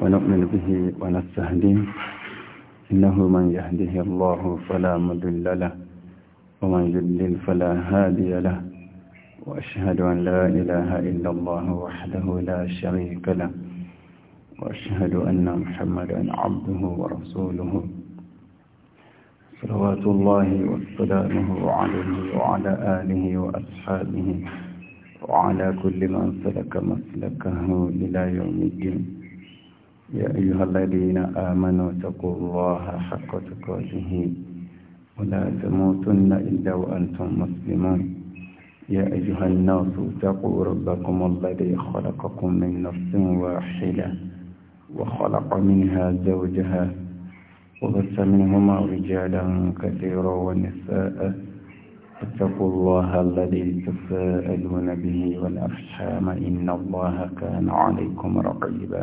ونؤمن به ونستهديه إنه من يهده الله فلا مضل له ومن يضلل فلا هادي له وأشهد أن لا إله إلا الله وحده لا شريك له وأشهد أن محمدا عبده ورسوله صلوات الله وسلامه عليه وعلى آله وأصحابه وعلى كل من سلك مسلكه إلى يوم الدين يا أيها الذين آمنوا اتقوا الله حق تقاته ولا تموتن إلا وأنتم مسلمون يا أيها الناس اتقوا ربكم الذي خلقكم من نفس واحدة وخلق منها زوجها وبث منهما رجالا كثيرا ونساء اتقوا الله الذي تساءلون به والأرحام إن الله كان عليكم رقيبا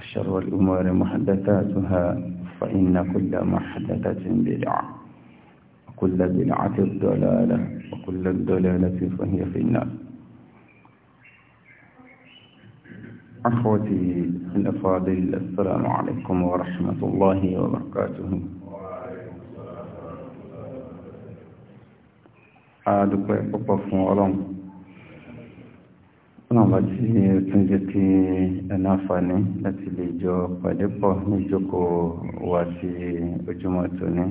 شر الأمور محدثاتها فإن كل محدثة بدعة وكل بدعة ضلالة وكل الضلالة فهي في النار أخوتي الأفاضل السلام عليكم ورحمة الله وبركاته أدعو بكم ورحمة ọlọ́mọba tí tún jẹ́ kí ẹ̀nà àǹfààní láti lè jọ pàdé pọ̀ ní ìjókòó wa ti ojúmọ́ tòní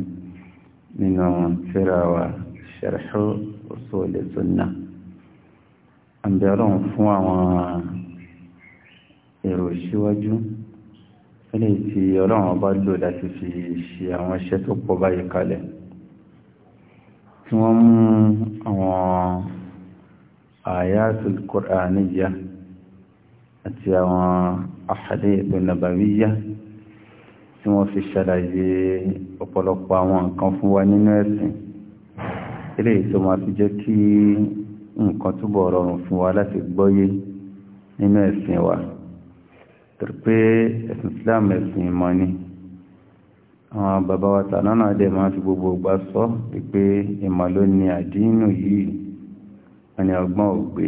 nínú tírà wa Sharhu Usul Sunnah àǹbẹ̀ ọlọ́run fún àwọn èrò síwájú ilé tí ọlọ́run bá lò láti fi ṣe àwọn iṣẹ́ tó pọ̀ báyìí kalẹ̀ tí wọ́n mú àwọn ayatul qur'aniyya àti àwọn ahadith nabawiyya tí wọ́n fi ṣàlàyé ọ̀pọ̀lọpọ̀ àwọn nǹkan fún wa nínú ẹ̀sìn eléyìí tó máa fi jẹ́ kí nǹkan túbọ̀ rọrùn fún wa láti gbọ́yé nínú ẹ̀sìn wa torí pé ẹ̀sìn Islam ẹ̀sìn ìmọ̀ ni àwọn bàbá wa tànánà dẹ̀ máa fi gbogbo ìgbà sọ pé ìmọ̀ ló ní àdínù yìí ẹni ọgbọ́n ògbé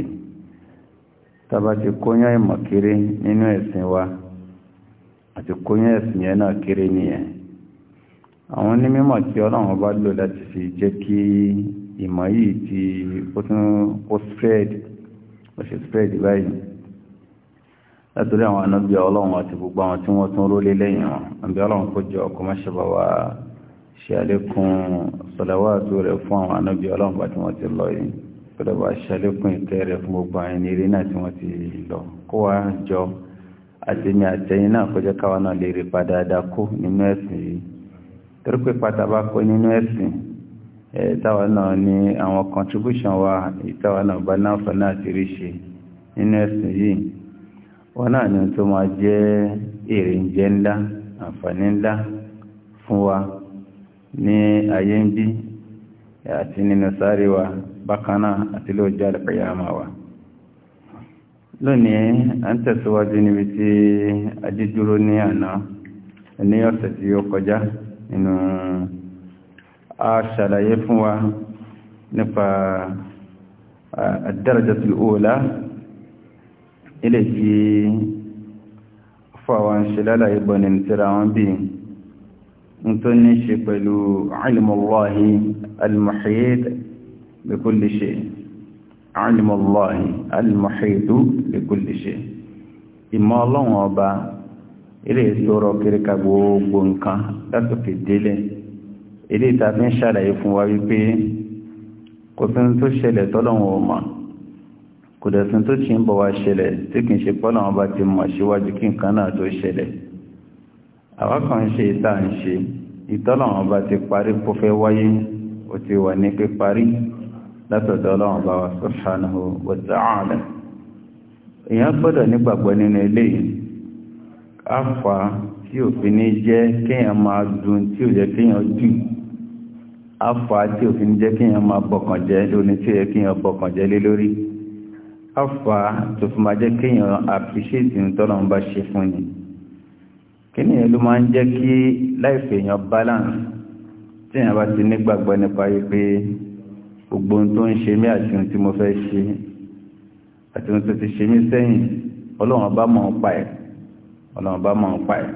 tàbá ti kóyán ìmọ̀ kéré nínú ẹ̀sìn wa àti kóyán ẹ̀sìn yẹn náà kéré nìyẹn àwọn onímọ̀ tí ọlọ́run bá lò láti fi jẹ́ kí ìmọ̀ yìí tí ó tún ó spread ó ṣe spread báyìí látòrí àwọn anábíà ọlọ́run àti gbogbo àwọn tí wọ́n tún rólé lẹ́yìn wọn àbí ọlọ́run kó jọ ọkọ̀ mọ́ṣẹ́bà wa ṣe àlékún sọ̀làwà àti rẹ̀ fún àwọn anábíà ọlọ́run bá tí wọ́n ti lọ yìí kọ́dọ̀ bá ṣàlékún ìtẹ́ rẹ̀ fún gbogbo àwọn eré náà tí wọ́n ti lọ kó wá jọ àtẹ̀mí àtẹ̀yìn náà kọjá káwa náà lè rí padà dáa nínú ẹ̀sìn yìí torí pé pátá bá kó nínú ẹ̀sìn táwa náà ní àwọn contribution wa ìtawa náà bá láǹfààní àti rí ṣe nínú ẹ̀sìn yìí wọn náà ní tó máa jẹ́ èrè ń jẹ́ ńlá àǹfààní ńlá fún wa ní ayé ń bí àti nínú sáré wa bákaná àti lóòjá àlẹ́kọ̀yà máa wà lónìí a ń tẹ̀síwájú níbi tí adídúró ní àná ní ọ̀sẹ̀ tí ó kọjá nínú a ṣàlàyé fún wa nípa ad-darajatul ula ilé tí fọ́wà ń ṣe lálàyé bọ̀ tíra wọn bí n tó ní ṣe pẹ̀lú ilmullahi al بكل شيء علم الله المحيط بكل شيء ọlọ́run ọba eré ìṣòro kíríkà gbogbo nǹkan látòkè délẹ̀ eré ìta fi ń ṣàlàyé fún wa wípé kò sí tó ṣẹlẹ̀ tọ́lọ́run ò mọ̀ kò dẹ̀ sí tó ṣì ọba ti kan ṣe ìta ń ṣe ọba ti parí kó fẹ́ wáyé látọ̀dọ̀ ọlọ́run bá wa subhanahu wa ta'ala èèyàn gbọ́dọ̀ nígbàgbọ́ nínú eléyìí àfà tí òfin ní jẹ́ kéèyàn máa dùn tí ò yẹ kéèyàn dùn àfà tí òfin ní jẹ́ kéèyàn máa bọkàn jẹ́ lóní tí ò yẹ kéèyàn bọkàn jẹ́ lé lórí àfà tó fi máa jẹ́ kéèyàn àpìṣètì tọ́lọ́run bá ṣe fún yìí kí ni máa ń jẹ́ kí láìpẹ́ balance tí bá ti nígbàgbọ́ nípa yìí pé gbogbo ohun tó ń ṣe mí àti ohun tí mo fẹ́ ṣe àti ohun tó ti ṣe mí sẹ́yìn ọlọ́run bá mọ̀ ń pa ẹ̀ ọlọ́run bá mọ̀ ń pa ẹ̀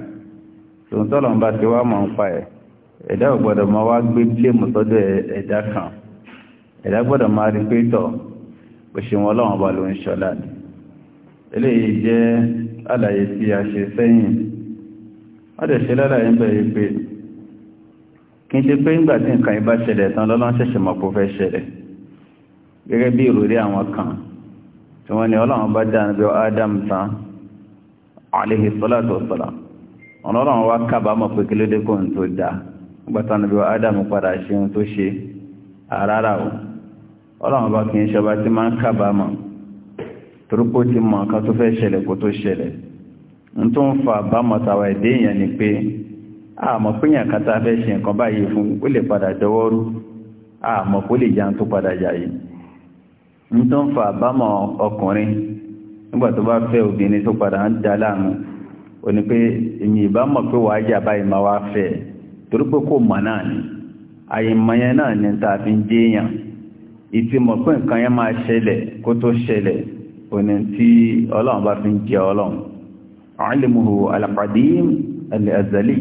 tòun tọ́lọ́run bá ti wá mọ̀ ń pa ẹ̀ ẹ̀dá gbọ́dọ̀ máa wá gbé bíléèmù sọ́dọ̀ ẹ̀dá kan ẹ̀dá gbọ́dọ̀ máa rí pé tọ̀ òṣèwọ̀n ọlọ́run bá ló ń ṣọlá ni eléyìí jẹ́ àlàyé tí a ṣe sẹ́yìn wọ́n dẹ̀ ṣe lálàyé ń bẹ̀rẹ̀ pé kí n ṣe pé ńgbà tí nǹkan ìbá ṣẹlẹ̀ tán lọ́lọ́n ṣẹ̀ṣẹ̀ mọ̀ kó fẹ́ ṣẹlẹ̀ gẹ́gẹ́ bí ìròrí àwọn kan tí wọ́n ní ọlọ́run bá dáa níbi Adam tán alayhi salatu wassalam ọlọ́run wá kábàámọ̀ pé kí ló dé kó ń tó dáa nígbà tán níbi Adam padà ṣe ohun tó ṣe àrárá o ọlọ́run bá kì í ṣọba tí máa ń kábàámọ̀ torípò ti mọ̀ nǹkan tó fẹ́ ṣẹlẹ̀ kó tó ṣẹlẹ̀ ń tó ń fa àbámọ̀tàwà ìdéèyàn ni pé àmọ́ péyàn kan tá a fẹ́ ṣe nǹkan báyìí fún ó lè padà jọwọ́ rú àmọ́ kó lè jan tó padà jà yìí ń tó ń fa àbámọ̀ ọkùnrin nígbà tó bá fẹ́ obìnrin tó padà ń da láàmú ó ní pé èmi ìbámọ̀ pé wàá jà báyìí máa wá fẹ́ torí pé kò mọ̀ náà ni àyèmọ̀yẹn náà ni tá a fi ń déèyàn ìtìmọ̀ pé nǹkan yẹn máa ṣẹlẹ̀ kó tó ṣẹlẹ̀ òní tí ọlọ́run bá fi ń jẹ ọlọ́run alimuhu alaqadim al-azali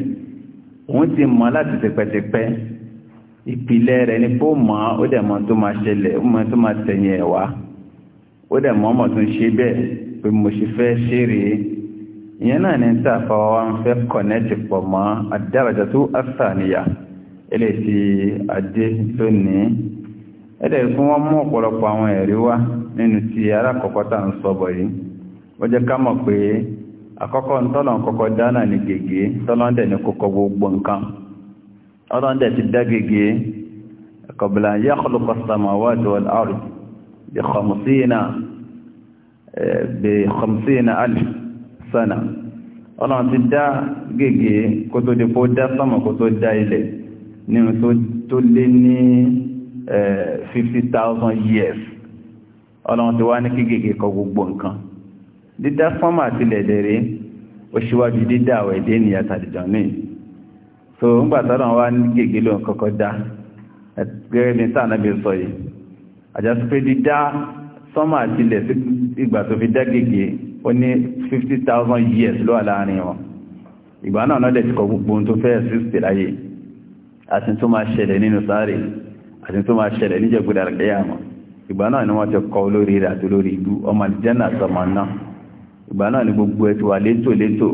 òun ti mọ̀ láti tẹ̀pẹ̀tẹ̀pẹ́ ìpìlẹ̀ rẹ̀ ní pó mọ̀ ó dẹ̀ mọ̀ tó máa ṣẹlẹ̀ ó mọ̀ tó máa tẹ̀yìn ẹ̀wá ó dẹ̀ mọ̀ mọ̀ tó ń ṣe bẹ́ẹ̀ pé mo ṣe fẹ́ ṣe rèé ìyẹn náà ní tí àfọwọ́ wa ń fẹ́ kọ̀nẹ́tì pọ̀ mọ́ àdárajà tó àṣàníyà eléyìí ti adé lónìí ẹ̀dẹ̀ fún wọn mú ọ̀pọ̀lọpọ̀ àwọn ẹ̀rí wá nínú ti alákọ̀ọ́kọ́ tá à ń sọ bọ̀ yìí wọ́n jẹ́ ká mọ̀ pé àkọ́kọ́ ntọ́lọ̀ kọ́kọ́ dáná ní gègé tọ́lọ́ndẹ̀ ní kọ́kọ́ gbogbo nǹkan ọlọ́ndẹ̀ ti dá gègé qabla an yakhluqa as-samawati wal ard bi khamsina bi khamsina alf sana ọlọ́run ti dá gègé kó tó di kó dá sọ́mọ̀ kó tó dá ilẹ̀ nínú 50,000 years ọlọ́run ti wá ní kí gègé kọ gbogbo nǹkan dídá fọ́mà àti lẹ̀dẹ̀rẹ́ ó ṣíwájú dídá àwẹ̀ dé ní àtàdìjàn ní so ń gbàtọ́rọ̀ wá ní gègé ló ń kọ́kọ́ dá gẹ́gẹ́ bí sáà náà bí sọ yìí àjásí pé dídá sọ́mà àti ilẹ̀ sí ìgbà tó fi dá gègé ó ní 50,000 years ló wà láàrin wọn ìgbà náà náà dẹ̀ ti kọ gbogbo ohun tó fẹ́ exist láyé àti tó máa ṣẹlẹ̀ nínú sáré àti tó máa ṣẹlẹ̀ níjẹ̀gbẹ̀dà ìgbà náà ni wọ́n ti kọ olórí rẹ̀ àti olórí ìlú ọmọ ìjẹ́nà àtọmọ náà ìgbà náà ni gbogbo ẹ̀tù wà létò létò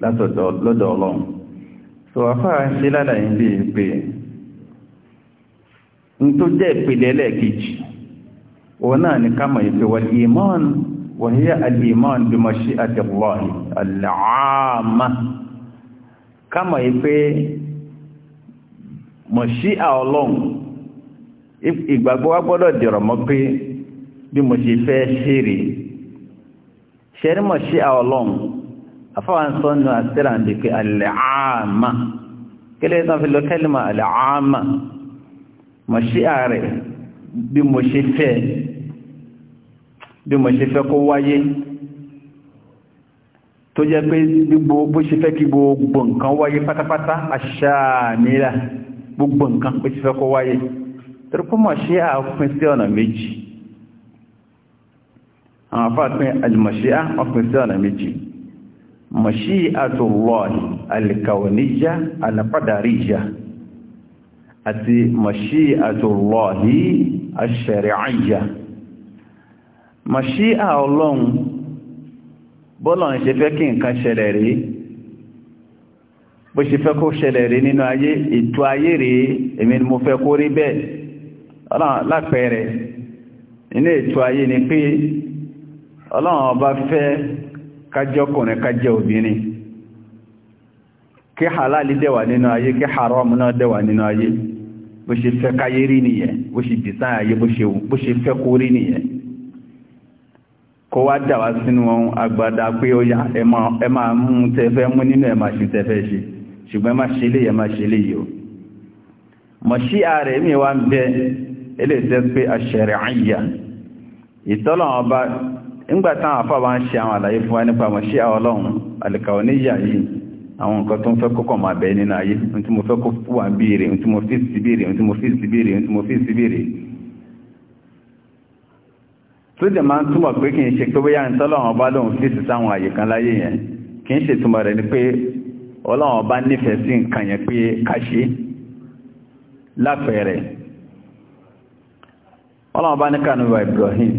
látọ̀dọ̀ lọ́dọ̀ ọlọ́run so àfáà ń ṣe ládàá yìí bíi pé n tó jẹ́ ìpìlẹ̀ ẹlẹ́ẹ̀kejì òun náà ni ká mọ̀ ìpè wọ́n ìmọ̀n wọ́n yẹ àlìmọ̀n bí mo ṣe àtẹ̀wọ̀n àlàámà ká mọ̀ ìpè mọ̀ sí àọlọ́run ìgbàgbọ́ wa gbọ́dọ̀ dìrọ̀ mọ́ pé bí mo ṣe fẹ́ ṣe rèé ṣẹ́rímọ̀ ṣe àọlọ́run afọ́wọ́n sọ nù àṣírà ń dìkẹ́ àlẹ́àmà kílẹ̀ tán fi lọ kẹ́lìmọ̀ àlẹ́àmà mọ̀ ṣí ààrẹ bí mo ṣe fẹ́ bí mo ṣe fẹ́ kó wáyé tó jẹ́ pé bó ṣe fẹ́ kí gbogbo nǹkan wáyé pátápátá àṣàmìlà gbogbo nǹkan bó ṣe fẹ́ kó wáyé torí mọ̀ ṣí àpín sí ọ̀nà méjì àwọn afáàpin alìmọ̀ṣíà ọkùn sí ọ̀nà méjì mashi'atullahi alkauniyya alqadariyya àti mashi'atullahi ash-shar'iyya mashi'a ọlọ́run bọ́lọ̀ ń ṣe fẹ́ kí nǹkan ṣẹlẹ̀ rí bó ṣe fẹ́ kó ṣẹlẹ̀ rí nínú ayé ètò ayé rí èmi ni mo fẹ́ kó rí bẹ́ẹ̀ lápẹẹrẹ nínú ètò ayé ni pé ọlọ́run ọba fẹ́ kájọ́kùnrin kájẹ́ obìnrin kí halali dẹ̀wà nínú ayé kí haram náà dẹ̀wà nínú ayé bó ṣe fẹ́ káyé rí nìyẹn bó ṣe dìtàn ayé bó ṣe fẹ́ kó rí nìyẹn kó wá dà wá sínú agbada pé ó yá ẹ máa mú tẹfẹ́ mú nínú ẹ máa ṣe tẹfẹ́ ṣe ṣùgbọ́n ṣe ṣe o mọ̀ṣí ààrẹ mi wá ń bẹ eléyìí tẹ́ pé àṣẹrẹ̀ àyà ìtọ́lọ̀ ọba n'gba táwọn afa bá ń ṣe àwọn àlàyé wa nípa mọ̀ sí ọlọ́run àlìkàwọ̀ ni yìí àwọn nǹkan tó ń fẹ́ kọ́kọ́ máa bẹ̀ẹ́ nínú ayé ohun tí mo fẹ́ kó wà ń biere ohun tí mo fi sí bèèrè ohun mo fi mo fi tó máa ń túmọ̀ pé kì í ṣe ọba lòun fi sí sáwọn àyè kan láyé yẹn kì í ṣe túmọ̀ rẹ̀ ni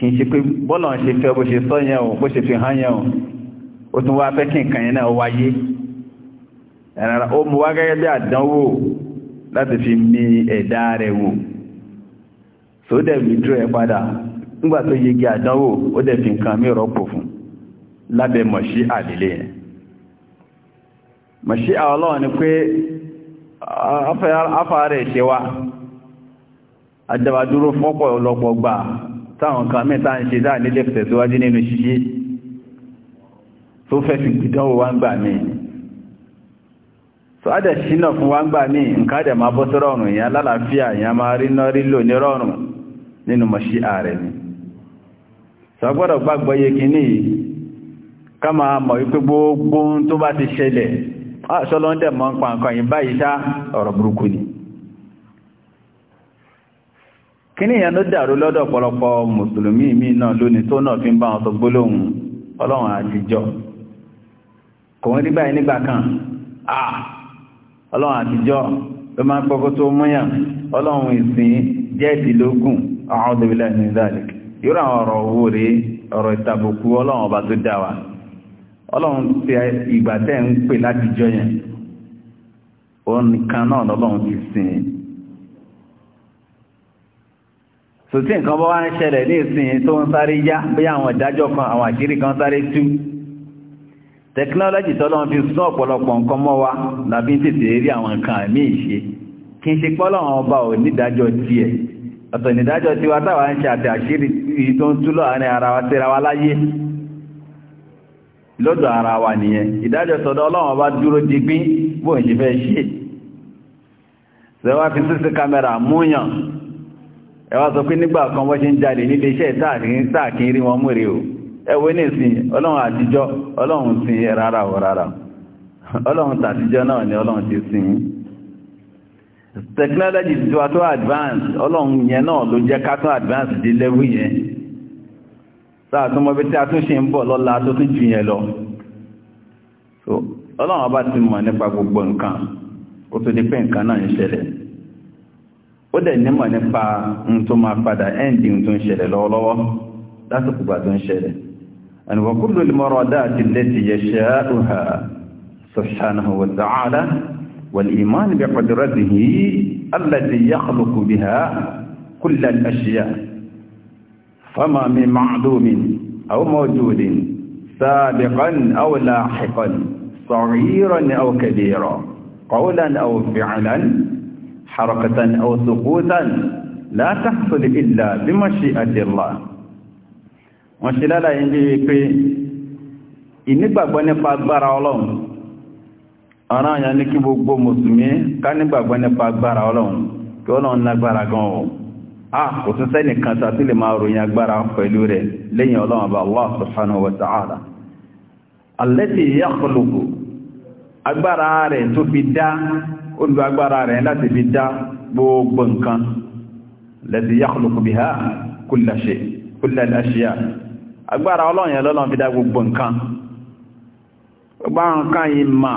kì í ṣe pé bọ́lọ̀ ń ṣe fẹ́ bó ṣe sọ yẹn o bó ṣe fi hàn yẹn o ó tún wá fẹ́ kí nǹkan yẹn náà wáyé ẹ̀rọ ó mú wá gẹ́gẹ́ bí àdánwò láti fi mi ẹ̀dá rẹ̀ wò tó dẹ̀ wìdúró ẹ̀ padà nígbà tó yege àdánwò ó dẹ̀ fi nǹkan mí rọ́pò fún lábẹ́ mọ̀ṣí àdílé yẹn mọ̀ṣí Ọlọ́run ni pé afárẹ̀ ṣe wa adàbàdúró fọ́pọ̀ ọlọ́pọ̀ gbà táwọn kan mẹ́ta ń ṣe dáà nílé tẹ̀síwájú nínú ṣíṣe tó fẹ́ fi gbìdánwò wá ń gbà mí so adẹ̀ ṣínà fún wá ń gbà mí nǹkan adẹ̀ máa bọ́ sọ́rọ̀rùn èèyàn lálàáfíà èèyàn máa rí náà rí lò ní rọrùn nínú ni so agbọ́dọ̀ gbàgbọ́ yé kínní ká máa mọ̀ wípé gbogbo tó bá ti ṣẹlẹ̀ ṣọlọ́ndẹ̀ mọ́ ń pa nǹkan yìí báyìí kíní yẹn ló dàrú lọ́dọ̀ mùsùlùmí mi náà lónìí tó náà fi ń bá wọn sọ gbólóhùn ọlọ́run àtijọ́ kò kan ah ọlọ́run àtijọ́ ló máa ń tó múyàn ọlọ́run ìsìn jẹ́ẹ̀dì lógún àwọn òdòbílẹ̀ ní ìdálẹ̀ yóò ọ̀rọ̀ owó rí ọ̀rọ̀ ìtàbùkù ọba tó dá wa ọlọ́run ti ìgbà tẹ́ ń pè látijọ́ yẹn òun nìkan náà lọ́lọ́run ti sòtí nǹkan bá wá ń ṣẹlẹ̀ ní ìsìn tó ń sáré yá bí àwọn ìdájọ́ kan àwọn àṣírí kan sáré tú tẹkinọ́lọ́jì tọ́lọ́n fi sún ọ̀pọ̀lọpọ̀ nǹkan mọ́ wa làbí tètè rí àwọn nǹkan àmì ìṣe kí n ṣe pọ́lọ́wọ́n ọba ò nídájọ́ tiẹ̀ ọ̀tọ̀ nídájọ́ tiwa táwa ń ṣe àti àṣírí yìí tó ń tú láàrin ara wa síra wa láyé lọ́dọ̀ ara wa nìyẹn ìdájọ́ tọ́dọ̀ ọlọ́wọ́n ọba dúró digbín bóun ṣe fẹ́ ṣe ṣẹ́wá fi sísí kámẹ́rà múyàn ẹ wá sọ pé nígbà kan wọ́n ṣe ń jalè nílé iṣẹ́ ìtàkì rí wọn múre o ẹwẹ́ ní ìsìn ọlọ́run àtijọ́ ọlọ́run sí rárá o rárá ọlọ́run tàtijọ́ náà ni ọlọ́run ti sin technology ti wá tó advance ọlọ́run yẹn náà ló jẹ́ ká tún advance dé lẹ́wù yẹn sáà tún mọ́ bí tí a tún ṣe ń bọ̀ lọ́la tó tún jù yẹn lọ ọlọ́run ọba ti mọ̀ nípa gbogbo nǹkan ó tó di pé nǹkan náà ń ṣẹlẹ̀ ó dẹ̀ nímọ̀ nípa ohun tó máa padà ẹ́ǹdì ohun tó ń ṣẹlẹ̀ lọ́wọ́lọ́wọ́ lásìkò gbà tó ń ṣẹlẹ̀ ẹnìwọ̀n kó lórí mọ́rọ̀ dáàtì lẹ́tì yẹ ṣe àrùhà subhanahu حركة أو سقوطا لا تحصل إلا بمشيئة الله wọ́n ṣe lára yìí bí pé ìnígbàgbọ́ nípa agbára ọlọ́run ọ̀ràn àyàn ní kí gbogbo mùsùlùmí ká nígbàgbọ́ nípa agbára ọlọ́run kí ọlọ́run lágbára gan ọ̀ a kò tún sẹ́nìkan tàbí lè máa ròyìn agbára pẹ̀lú rẹ̀ lẹ́yìn ọlọ́run ọba Allah subhanahu wa ta'ala allati yakhluqu agbára rẹ̀ tó fi dá olùgbàgbára rẹ̀ láti fi dá gbogbo nǹkan lẹ́sí yakhluqu biha kulla shay kulla al-ashya agbára ọlọ́run yẹn lọ́lọ́run fi dá gbogbo nǹkan gbogbo nǹkan yìí mà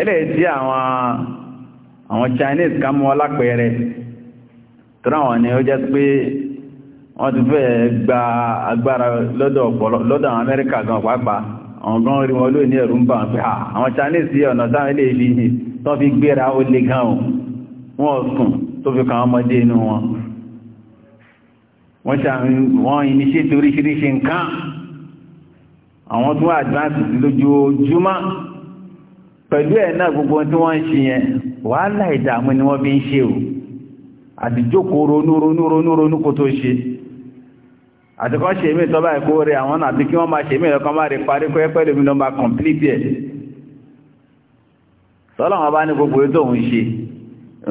eléyìí àwọn àwọn Chinese kan mú ọlápẹẹrẹ tó ráwọn ni ó jẹ́ pé wọ́n ti fẹ́ gba agbára lọ́dọ̀ lọ́dọ̀ àwọn Amẹ́ríkà gan pàápàá àwọn gan rí wọn lóò ní ẹ̀rù ń bà wọn pé àwọn Chinese yìí ọ̀nà táwọn eléyìí tó fi gbéra ó lè gan ọ̀ wọ́n sùn tó fi kàn ọmọdé inú wọn wọ́n ṣàrin wọ́n iníṣẹ́ torí ṣíríṣẹ́ nǹkan àwọn tó wà advance lójoojúmọ́ pẹ̀lú ẹ̀ náà gbogbo tí wọ́n ń ṣe yẹn wàhálà ìdààmú ni wọ́n fi ń ṣe o àti jókòó ronú ronú ronú ronú kó tó ṣe àti kọ́ ṣe mí tọ́ba ẹ̀kọ́ rẹ̀ àwọn àti kí wọ́n máa ṣe mí lọ́kàn máa rí parí kọ́ ẹ́pẹ́ lómi lọ́ máa complete ẹ̀ tọ́lọ́wọ́n bá ní gbogbo tó ń ṣe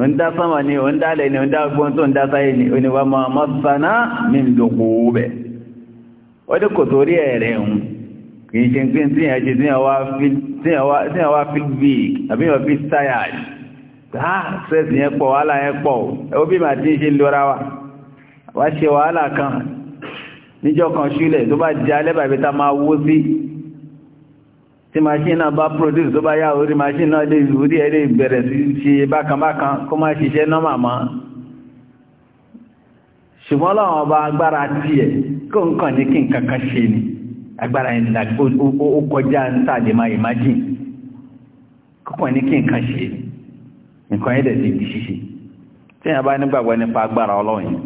ń dá sánmà ní ń dálẹ̀ ní ń dá gbọ́n tó ń dá sáyé ní oníwà máa mọ́sáná ní ìdòkò bẹ̀ ó dé kò torí ẹ̀rẹ̀ ń kì í ṣe ń pín tíyàn ṣe tíyàn wá feel big àbí yàn feel tired ah stress yẹn pọ̀ wàhálà yẹn pọ̀ ẹwọ́ bí màá ti ṣe lọ́ra wa wá ṣe wàhálà kan níjọ́ kan ṣúlẹ̀ tó bá jẹ́ alẹ́ bàbí ta máa wó sí tí machine náà bá produce tó bá yá orí machine náà lè orí ẹ̀rẹ́ ìbẹ̀rẹ̀ sí ṣe bákanbákan kó má ṣiṣẹ́ nọ́mà mọ́ ṣùgbọ́n láwọn ọba agbára tiẹ̀ kó ń kàn ní kí n kankan ṣe ni agbára ìlà ó kọjá ń tàdé máa imagine kókàn ní kí n kan ṣe nǹkan ẹ̀dẹ̀ sí ibi ṣíṣe tí èèyàn bá nígbàgbọ́ nípa agbára ọlọ́run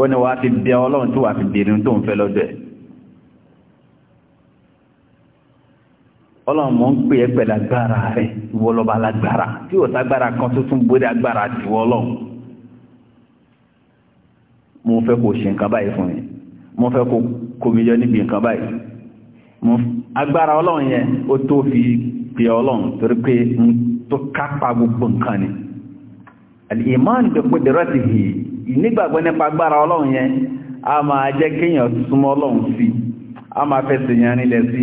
ó ní wàá fi bẹ ọlọ́run tó wàá fi bẹ̀rẹ̀ tó ń fẹ́ lọ́dọ̀ ẹ̀ ọlọ́run mọ̀ ń pè é pẹ̀lú agbára rẹ̀ ìwọlọ́ba lágbára tí ò tágbára kan tuntun borí agbára tiwọ́ ọlọ́run mo fẹ́ kó ṣe nǹkan báyìí fún mi mo fẹ́ kó komi yọ níbi nǹkan báyìí mo agbára ọlọ́run yẹn ó tó fi pè ọlọ́run torí pé n tó kápá gbogbo nǹkan ni al-iman bi qudratihi ìnígbàgbọ́ nípa agbára ọlọ́run yẹn a máa jẹ́ kéèyàn súnmọ́ ọlọ́run sí a máa fẹsẹ̀ yẹn nílẹ̀ sí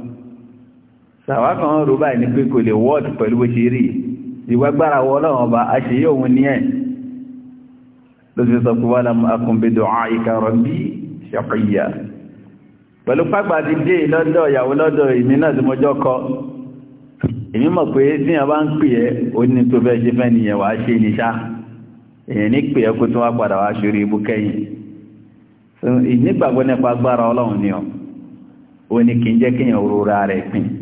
sàwọn kan rò báyìí ní pé kò lè wọ́ọ̀d pẹ̀lú bó ṣe rí ìwẹ́gbára wọ ọlọ́run ọba àṣeyẹ òun ní ẹ̀ ló ti sọ pé wà lámú akùnbẹ̀dọ̀ àìkà rọ̀bí ṣàkóyà pẹ̀lú pápá ti dé lọ́dọ̀ ìyàwó lọ́dọ̀ ìmí náà tí mo jọ kọ èmi mọ̀ pé tí wọ́n bá ń pè ẹ́ ó ní tó fẹ́ ṣe fẹ́ nìyẹn wàá ṣe ní ṣá ní pè ẹ́ kó tó wá padà wá ṣorí ibú kẹ́yìn ìnígbàgbọ́ nípa agbára ọlọ́run ni ọ̀ ó ní kí n jẹ́ kéèyàn rora rẹ̀ pin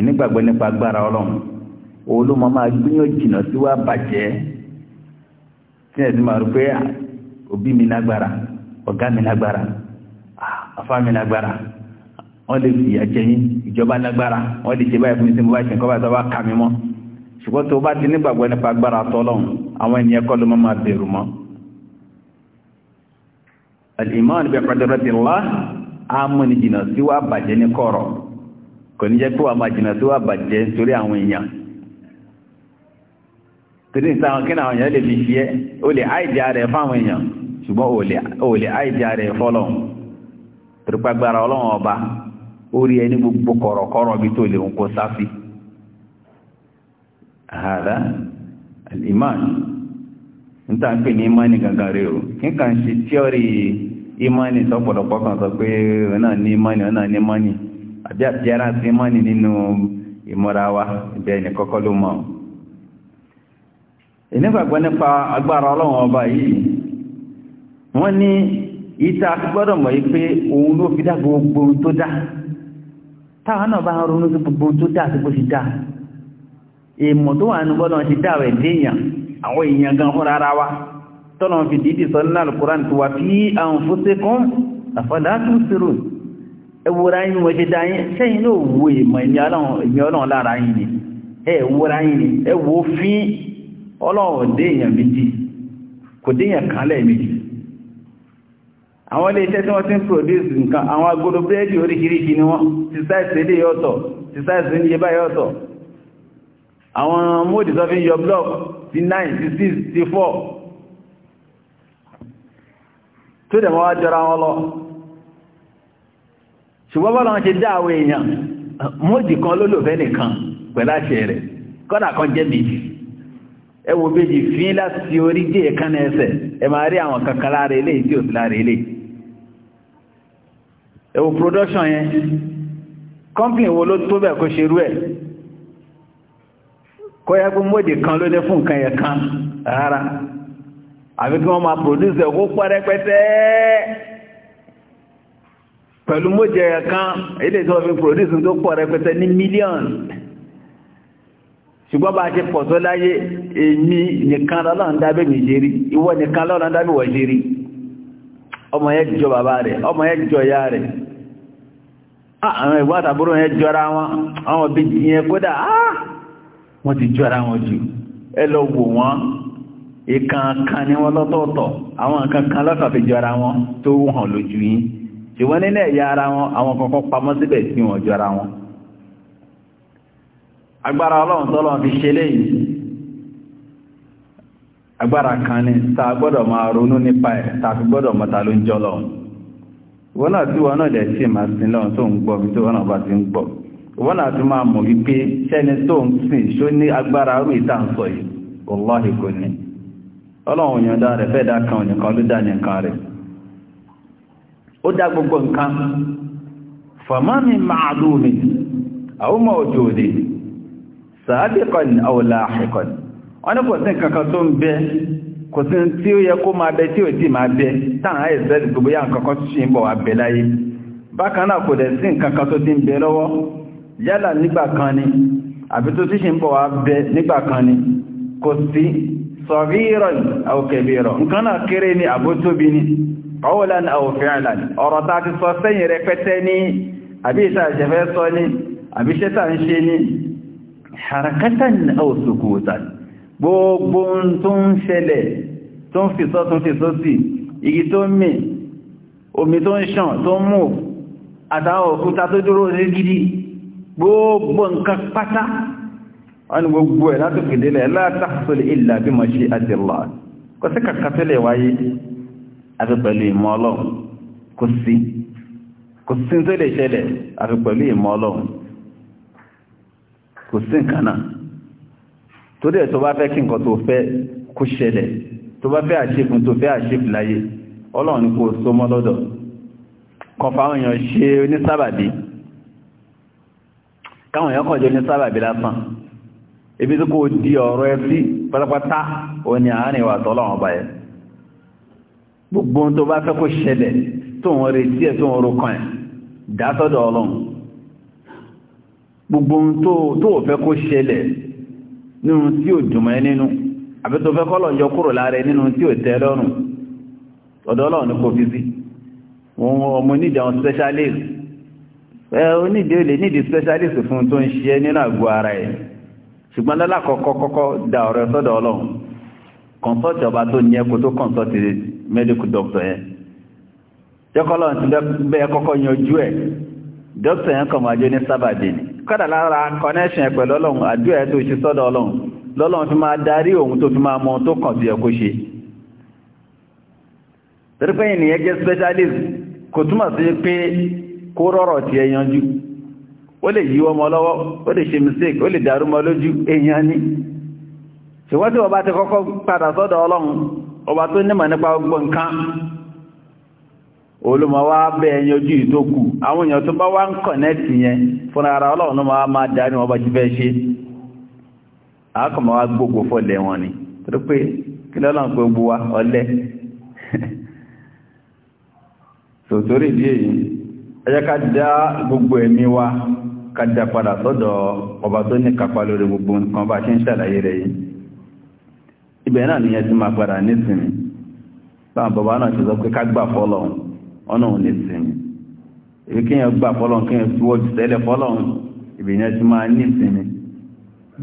ìnígbàgbọ́ nípa agbára ọlọ́run òun ló máa gbìyànjú jìnnà sí wàá bàjẹ́ tí ẹ̀sìn máa rò pé òbí mi lágbára ọ̀gá mi lágbára afá mi lágbára wọ́n lè fi ìyàjẹ́ yín ìjọba lágbára wọ́n lè ṣe báyìí fún mi tí mo bá ṣe nǹkan báyìí tó bá kà mí mọ́ ṣùgbọ́n tó bá ti nígbàgbọ́ nípa agbára tọ́lọ́run àwọn ènìyàn kọ́ ló máa máa bẹ̀rù mọ́ al-iman bi qadratillah á múni jìnnà sí wàá bàjẹ́ ní kọ̀rọ̀ kò ní jẹ́ pé wà jìnà tó wà bàjẹ́ àwọn èèyàn torí ìsáwọn kí náà èèyàn lè fi ṣe ó lè àìdí ààrẹ fáwọn èèyàn ṣùgbọ́n ó lè àìdí ààrẹ fọ́lọ́hun torípagbára ọlọ́run ọba ó rí ẹni gbogbo bí tó lè àbí àti ara ti mọ́ni nínú ìmọ́ra wa ìbẹ̀ ní kọ́kọ́ ló mọ̀ ìnígbàgbọ́ nípa agbára ọlọ́run ọba yìí wọ́n ní ìta gbọ́dọ̀ mọ̀ yí pé òun ló fi dá gbogbo tó dá táwọn náà bá ń ronú sí gbogbo tó dá àti bó ti dá èèmọ̀ tó wà nínú bọ́dọ̀ ti dá rẹ̀ déèyàn àwọn èèyàn gan fún rárá wa tọ́nà fi dìídì sọ nínú àlùkùrán tó wà fi anfusikum àfọ́dá tún sírùn ẹwúra wọ́n ṣe dá sẹ́yìn náà wo ìmọ̀ ìmì ọlọ́run lára yìí ni ẹwúra ni ẹwú fín ọlọ́run dé méjì kò dé àwọn ilé iṣẹ́ tí wọ́n ti ń produce nǹkan agolo ni wọ́n ti sáìsì yọ́tọ̀ ti sáìsì ní yọ́tọ̀ àwọn fi yọ block 9 6 4 tó dẹ̀ mọ́ wá jọra ṣùgbọ́n bọ́lá wọn ṣe dá àwọn èèyàn mọ́jì kan lólùfẹ́ nìkan pẹ̀láṣẹ rẹ̀ kọ́nà kan jẹ́ méjì ẹ wo méjì fín láti orí dé ẹ̀kan ẹsẹ̀ ẹ máa rí àwọn kankan lára ilé tí ò sí lára ilé ẹ wo production yẹn company wo ló tó bẹ̀ kó ṣe rú ẹ̀ kọ́ yẹ kó mọ́jì kan ló ní fún nǹkan yẹn kan rárá àfi kí wọ́n máa produce ẹ̀ kó pẹ̀lú mọ́jẹ kan ilé tí wọ́n fi produce tó pọ̀ rẹpẹtẹ ní million ṣùgbọ́n bá ṣe pọ̀ tó láyé èmi nìkan lọ́nà dábẹ́ mi ṣe rí ìwọ nìkan lọ́nà dábẹ́ wọ̀ ṣe rí ọmọ yẹn jọ bàbá rẹ̀ ọmọ yẹn jọ ìyá rẹ̀ àwọn ìwọ́n àtàbúrò yẹn jọra wọn ṣùgbọ́n ẹ̀yà ara wọn àwọn kankan pamọ́ síbẹ̀ tí wọ́n jọra wọn agbára ọlọ́run tọ́lọ́run fi ṣe léyìí agbára kan ní ta gbọ́dọ̀ máa ronú nípa ẹ̀ ta fi gbọ́dọ̀ mọ́ta ló ń jọ lọ́run ìwọ́n náà tí wọ́n náà dẹ̀ sí máa sin lọ́run tó ń gbọ́ bí náà bá ti ń gbọ́ ìwọ́n náà tún máa mọ̀ wípé sẹ́ni tó ń sìn ṣó ní agbára rú ìta ń ó dá gbogbo nǹkan fàmánì màálùmí àwọmọ̀ a òdè sàádìkọ̀n wọ́n ní kò sí kankan tó ń bẹ kò sí tí ó yẹ kó máa bẹ tí ò tí máa bẹ táwọn àìsẹ́ gbogbo yá nǹkankan tó ṣe ń bọ̀ wá bẹ láyé bákan kò dẹ̀ sí nǹkankan tó ti ń bẹ lọ́wọ́ yálà nígbà kan ni àbí tó ti ṣe ń bọ̀ bẹ ni kò sí sọ̀rírọ̀ àwòkẹ̀bẹ̀rọ̀ nǹkan náà kéré ni àbótóbi qawlan aw fi'lan ọ̀rọ̀ tá ti sọ sẹ́yìn rẹpẹtẹ ní àbí ìṣà ìṣẹ̀fẹ́ sọ ní àbí ṣẹ́ta ń ṣe ní harakatan aw sukutan gbogbo tó ń ṣẹlẹ̀ tó ń fi sọ́ tó ń fi sọ́ sí igi tó ń mì omi tó ń ṣàn tó ń mú àtàwọn òkúta tó dúró ní gidi gbogbo nǹkan pátá wọn gbogbo ẹ̀ látòkèdélẹ̀ látàkùsọ̀lẹ̀ ìlà bí mọ̀ ṣe àdìlá kọ́sí kàkàtẹ́lẹ̀ wáyé àfi pẹ̀lú ìmọ̀ ọlọ́run kò sí kò sí tó lè ṣẹlẹ̀ àfi pẹ̀lú ìmọ̀ kò sí nǹkan tó dẹ̀ tó bá fẹ́ kí nǹkan tó fẹ́ kó ṣẹlẹ̀ tó bá fẹ́ àṣepin tó fẹ́ àṣep láyé ọlọ́run kò so mọ́ lọ́dọ̀ ebi kò di ọ̀rọ̀ ẹ sí pátápátá òní àárín ìwà gbogbo tó bá fẹ́ kó ṣẹlẹ̀ tó ń retí ẹ̀ tó ń ro kan ẹ̀ dásọ́dọ̀ ọlọ́run gbogbo tó ò fẹ́ kó ṣẹlẹ̀ nínú tí ò dùnmọ́ ẹ nínú àbí tó fẹ́ kọ́lọ̀ kúrò lára nínú tí ò tẹ́ lọ́rùn ọ̀dọ̀ ọlọ́run ní kò fi sí wọn ọmọ onídìí àwọn specialist ẹ onídìí olè nídìí specialist fún tó ń ṣe nínú àgọ́ ara ẹ̀ ṣùgbọ́n lọ́lá kọ́kọ́ kọ́kọ́ da ọ̀rọ̀ sọ́dọ̀ ọlọ́run consult ọba tó ní ẹkọ tó consult medical doctor yẹn jẹ́kọ́lọ́ ti bẹ́ẹ̀ kọ́kọ́ yanjú ẹ̀ doctor yẹn kàn máa jẹ́ ní sábàdì ni kọ́dà lára connection ẹ̀ pẹ̀lú ọlọ́run àdúrà ẹ̀ tó ṣe sọ́dọ̀ ọlọ́run lọ́lọ́run fi máa darí òun tó fi máa mọ tó kàn sí ẹ̀ kó ṣe torí pé ènìyàn jẹ́ specialist kò túmọ̀ sí pé kó rọ̀rọ̀ tiẹ̀ yanjú ó lè yíwọ́ mọ́ lọ́wọ́ ó lè ṣe mistake ó lè dàrú mọ́ lójú èèyàn ni ṣùgbọ́n tí wọ́n bá ti kọ́kọ́ padà sọ́dọ̀ ọlọ́run ọba tó nímọ̀ nípa gbogbo nǹkan olùmọ̀ wá bẹ́ ẹ̀yìn ojú ìtókù àwọn èèyàn tó bá wá ń kọ̀nẹ́tì yẹn fún ara ọlọ́run wọn wá gbogbo fọ́lẹ̀ wọn ni ọba tó ní lórí gbogbo nǹkan bá ṣe ń ibẹ̀ náà nìyẹn ti máa padà nísìnyí báwọn bàbá náà ti sọ pé ká gbà fọ́lọ́run ọ̀nà òun nísìnyí èyí kí yẹn gbà fọ́lọ́run kí yẹn fíwọ́ jù tẹ́lẹ̀ fọ́lọ́run ibẹ̀ yẹn ti máa nísìnyí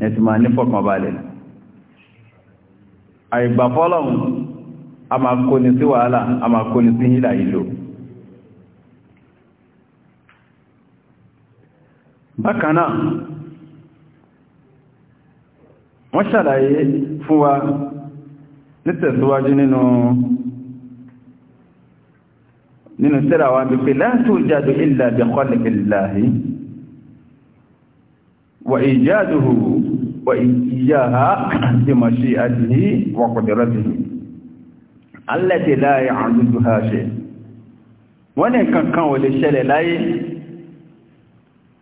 yẹn ti máa nífọ̀kànbalẹ̀ àìgbà fọ́lọ́run a máa kóni sí wàhálà a máa kóni sí hílà ìlò bákan náà wọ́n ṣàlàyé fún wa nítẹ̀síwájú nínú nínú tírà wa bí pé la tujadu illa bi khalqillahi wa ijaduhu wa iyaha bi mashi'atihi wa qudratihi allati la ya'duduha shay wọ́n ní kankan ò lè ṣẹlẹ̀ láyé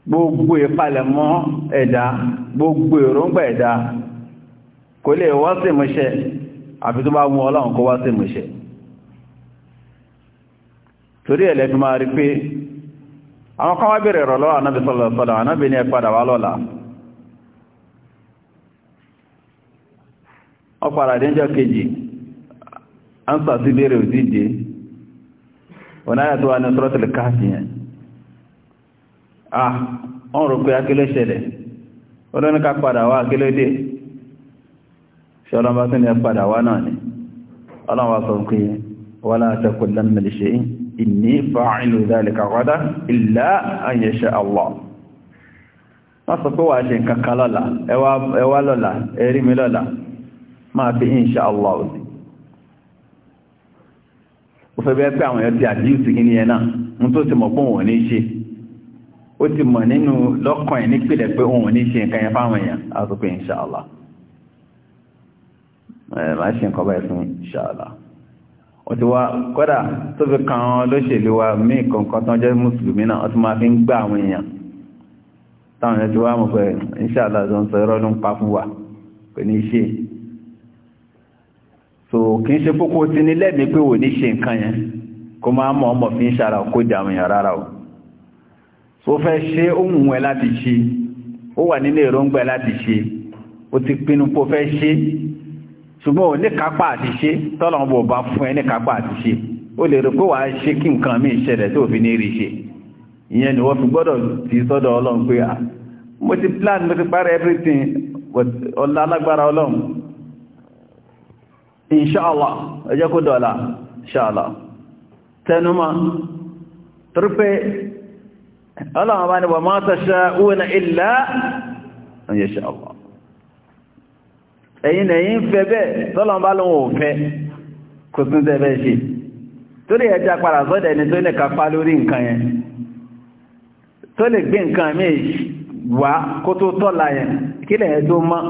gbogbo ìpalẹ̀mọ́ ẹ̀dá gbogbo èròǹgbà ẹ̀dá kò lè wá sí ìmúṣẹ àfi tó bá mú ọlọ́run kó wá sí ìmúṣẹ torí ẹ̀lẹ́fi máa rí pé àwọn kan wá bèèrè ọ̀rọ̀ lọ́wọ́ anábì sallallahu alaihi ní ẹ wá lọ́la ọpàdà díjọ́ kejì ánsà sí bèèrè òdíje ah wọ́n rò pé akílẹ̀ ṣẹlẹ̀ olóníkà wá akílẹ̀ ṣọ́lọ́bá tún ní ẹ̀padà wá náà ni ọlọ́wà sọ pé wala taqulanna li shay'in inni fa'ilu dhalika ghadan illa an yasha Allah wọ́n sọ pé wà ṣe kankan lọ́la ẹwà lọ́la ẹ̀rí mi lọ́la máa fi insha Allah òsì ó fẹ́ bẹ́ẹ̀ pé àwọn èèyàn ti àdíyùsì kí ẹ náà mú tó ti mọ̀ pé òun ò ní ṣe ó ti mọ̀ nínú lọ́kàn ẹ̀ nípìlẹ̀ pé òun ò ní ṣe nǹkan yẹn fáwọn èèyàn á sọ pé insha Allah Eh, máa ṣe nǹkan báyìí fún inshallah ó ti wá kọ́dà tó fi kan olóṣèlú wa mí kankan tán jẹ́ mùsùlùmí náà ó ti máa fi ń gbà àwọn èèyàn táwọn ẹ̀ ti mọ̀ pé inshallah tó ń sọ irọ́ ló ń pa fún wa pé ní ṣe so kì í ṣe kókó ti ní lẹ́mìí pé wò ní ṣe nǹkan yẹn kó máa mọ̀ ọmọ fi inshallah kó dà àwọn èèyàn rárá o so fẹ́ ṣe ó wù ẹ́ láti ṣe ó wà nínú èròǹgbà láti ṣe ó ti pinnu kó fẹ́ ṣe ṣùgbọ́n ò ní kápá àti ṣe tọ́lọ́run bò bá fún ẹ ní kápá àti ṣe ó lè rò pé wàá ṣe kí nǹkan míì ṣẹlẹ̀ tó fi ní rí ṣe ìyẹn ni wọ́n fi gbọ́dọ̀ ti sọ́dọ̀ ọlọ́run pé à mo ti plan mo ti parí everything ọ̀la alágbára ọlọ́run inṣáàlá ẹjọ́ kó dọ̀la inṣáàlá tẹnumọ́ torí pé ọlọ́run bá ní wọ́n máa tọ́ṣẹ́ òun ilẹ̀ ọ̀yẹ̀ṣáàlá eyi na fẹ́ bẹ́ẹ̀ tọ́lọ́n bá lóun fẹ́ kò tún tẹ́ bẹ́ẹ̀ ṣe torí ẹja padà sọ́dẹ̀ ẹni tó ní kápá lórí nǹkan yẹn tó lè gbé nǹkan míì wá kó tó tọ́la yẹn kí lẹ̀yẹn tó mọ́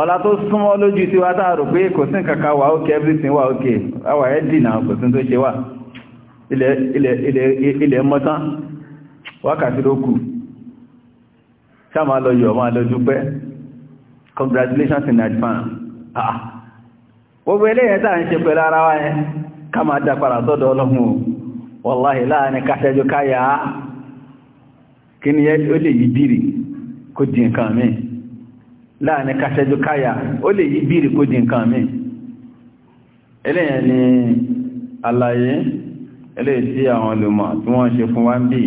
ọlá tó súnmọ́ lójú tí wá táàrù pé kò oke kàkà wà ókè everything wà ókè àwà ẹ́ dìnà kò sí tó ṣe wà ilẹ̀ mọ́tán wákàtí ló kù lọ congratulations in advance ah gbogbo eléyẹn tàà ń ṣe pẹ̀lú ara wa yẹn ká máa dá sọ́dọ̀ ọlọ́run o wàláhì láàrin káṣẹ́jú káyà kí ni ó lè yí bírì kó di nǹkan mi láàrin káṣẹ́jú káyà ó lè yí bírì kó di nǹkan mi eléyẹn ni àlàyé eléyìí tí àwọn olùmọ̀ tí wọ́n ṣe fún wa ń bí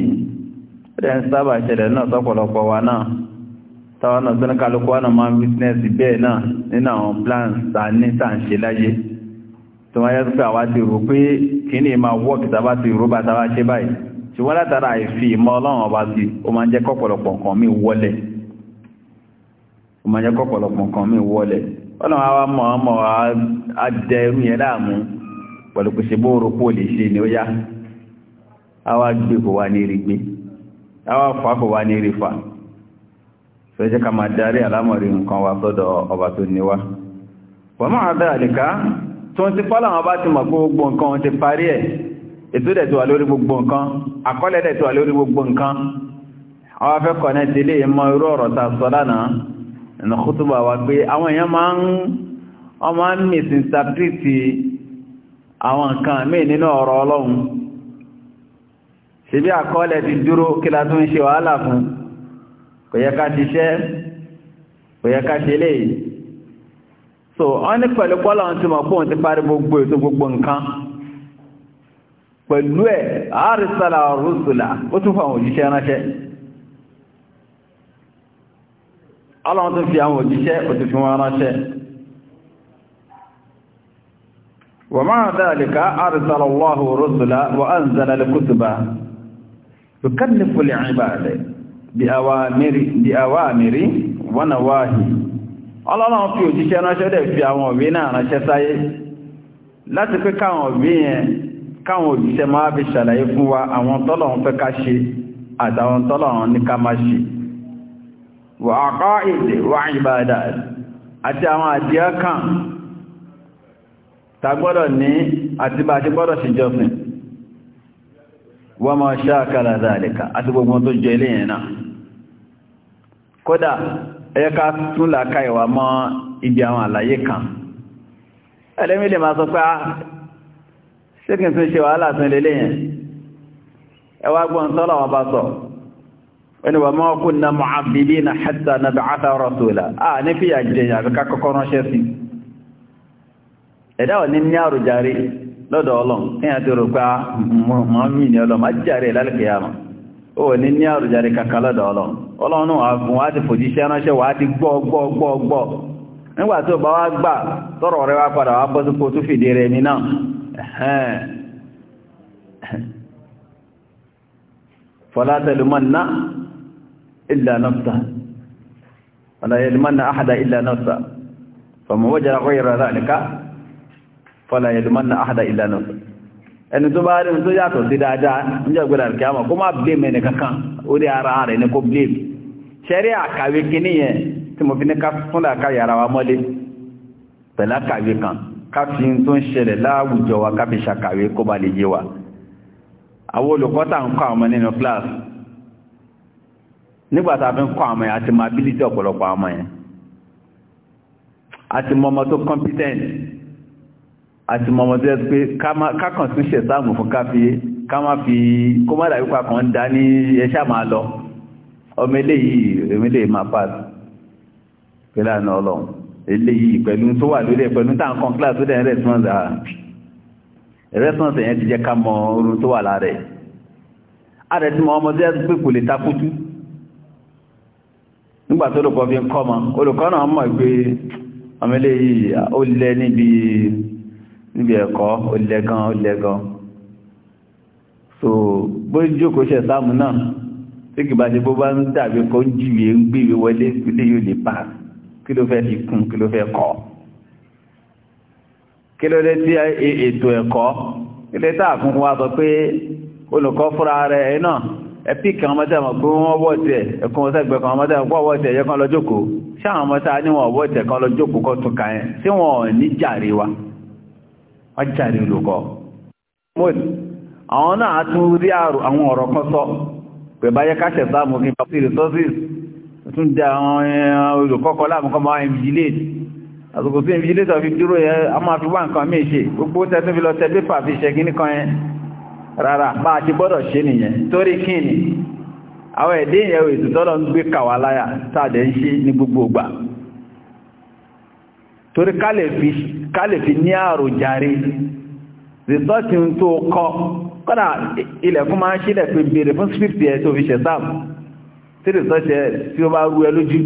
ó dẹ̀ ń sábà ṣẹlẹ̀ náà sọ́pọ̀lọpọ̀ wa náà táwọn náà gbẹ́nà kálukú wánà máa ń bísínẹ́sì bẹ́ẹ̀ náà nínú àwọn plans tàní tàǹṣe láyé tí wọ́n yẹ́ pé àwa ti rò pé kíní máa wọ́ọ̀kì tàbá ti rò bá tàbá ṣe báyìí ṣùgbọ́n látara àìfi ìmọ̀ ọlọ́run ọba sí ó máa ń jẹ́ kọ́pọ̀lọpọ̀ nǹkan mí wọlé ó tó jẹ́ ká máa darí àlámọ̀rí nǹkan wa sọ́dọ̀ ọba tó níwá wọ́n máa bẹ́ àlìká tó ń ti pọ́lá wọn bá ti mọ̀ gbogbo nǹkan ti parí ẹ̀ ètò dẹ̀ tó wà lórí gbogbo nǹkan àkọọ́lẹ̀ dẹ̀ tó wà lórí gbogbo nǹkan àwọn afẹ́kọ̀ọ́ ti lè mọ irú ọ̀rọ̀ ta sọ lánàá ẹ̀nà kútùbà wa kò yẹ ká ṣiṣẹ́ kò ṣe lè so wọ́n ní pẹ̀lú pọ́lọ̀ ti mọ̀ pọ́n ti parí gbogbo ètò gbogbo nǹkan pẹ̀lú ẹ̀ àrísàlà rúsùlà ó tún fún àwọn òjíṣẹ́ ránṣẹ́ ọlọ́run tó fi àwọn òjíṣẹ́ ó fi wọn ránṣẹ́ ومع ذلك أرسل الله رسلا وأنزل الكتب يكلف العباد bí àwà àmìrí wọ́nà wáhì ọlọ́run fi òjíṣẹ́ ránṣẹ́ dẹ̀ fi àwọn òwe náà ránṣẹ́ sáyé láti pé káwọn òwe yẹn káwọn òjíṣẹ́ máa fi ṣàlàyé fún wa àwọn tọ́lọ̀run fẹ́ ká ṣe àtàwọn tọ́lọ̀run ní ká má ṣe wà àkọ́ èdè wọ́n máa ṣáàkàlà zàlẹ̀kà àti gbogbo tó jẹ ilé yẹn náà kódà ẹyẹ ká tún làkà ìwà mọ́ ibi àwọn àlàyé kan ẹlẹ́mí lè máa sọ pé ah, ṣékìn tún ṣe wàhálà tún lélé yẹn ẹwà gbọ́n sọ́lọ̀ wọn bá sọ wani wa ma kunna mu'abbidina hatta nab'atha rasula a ní fíyà jẹ́yà bí ká kọ́kọ́ ránṣẹ́ sí ẹ̀dá ò ní ní àrùjárí lọ́dọ̀ ọlọ́run tí a ti rò pé mọ́ ah, mí ní ọlọ́run má jàre lálẹ́kẹ̀ẹ́ àmà ó ní ní àrùjáre kàkà lọ́dọ̀ ọlọ́run ọlọ́run wà fún wá ti fòjíṣẹ́ ránṣẹ́ wà ti gbọ́ gbọ́ gbọ́ gbọ́ nígbà tó bá wá gbà tọ́rọ̀ rẹ wá padà wá bọ́ sípò tó fìdí rẹ mi náà fọ́lá na àhàdà ìlànà ẹni tó bá rí tó yàtọ̀ sí dáadáa ń jẹ́ gbẹ̀rẹ̀ kí a mọ̀ kó blame ẹni kankan orí ara rẹ̀ ní kó blame ṣẹ́rí àkàwé yẹn tí mo fi ní àkàwé ara wa mọ́lé kan ká tó ń ṣẹlẹ̀ wa fi ṣàkàwé kó ba lè yé wa àwọn olùkọ́ ń kọ́ àwọn nínú class àti mọ̀mọ̀ tí ẹ ti pé kákan sí ṣẹ̀sáàmù fún káfí ká má fi kó má dàbí pa kan dá ní ẹṣà máa lọ ọmọ eléyìí eléyìí máa pass pẹ̀lú àná ọlọ́run eléyìí pẹ̀lú tó wà lórí ẹ̀ pẹ̀lú táwọn kan kíláàsì lẹ́yìn rẹ̀sọ́nsì à rẹ̀sọ́nsì yẹn ti jẹ́ ká mọ orun tó wà lára ẹ̀ ààrẹ tí mọ̀mọ̀ tí ẹ pé kò lè takútú nígbà tó olùkọ́ fi ń kọ́ mọ olùkọ́ náà mọ̀ pé ọmọ eléyìí ó lẹ́ níbi níbi ẹ̀kọ́ ó le gan ó le gan so bó jókòó ṣe sáàmù náà tí kìí bá ti bó bá ń dàbí kó ń jìwé ń gbéwé wọlé ilé yóò lè pa kí ló fẹ́ fi kún kí ló fẹ́ kọ́ kí ló dé tí ètò ẹ̀kọ́ kí ló tá àkúnkún wa sọ pé olùkọ́ fúnra rẹ̀ náà ẹ̀pí kan ọmọdé àmọ̀ pé wọ́n wọ́ tẹ̀ ẹ̀kùn ọ̀sẹ́gbẹ̀ kan ọmọdé àmọ̀ wọ́ tẹ̀ yẹ kan lọ jókòó ṣáà ọmọdé àníwọ̀n wọ́ tẹ̀ kan lọ jókòó kọ́ tún ka yẹn tí wọ́n ní jàre wa. wọ́n jàrí olùkọ́ àwọn náà tún rí àrò àwọn ọ̀rọ̀ kan sọ pẹ̀báyẹ káṣẹ̀ sáàmù kí resources tún dẹ àwọn eh, olùkọ́kọ́ láàmùkọ́ yẹn bá ti gbọ́dọ̀ ṣe nìyẹn torí kí ni àwọn ẹ̀dẹ́ ń gbé kàwà láyà ń gbogbo torí ká lè ká lè fi ní àròjàre rìsọ́ọ̀tì ń tó kọ́ kọ́nà ilẹ̀kùn máa ń ṣílẹ̀ pé béèrè fún script ẹ̀ tó fi ṣẹ̀ sáà tí rìsọ́ọ̀tì ẹ̀ tí ó bá rú ẹ lójú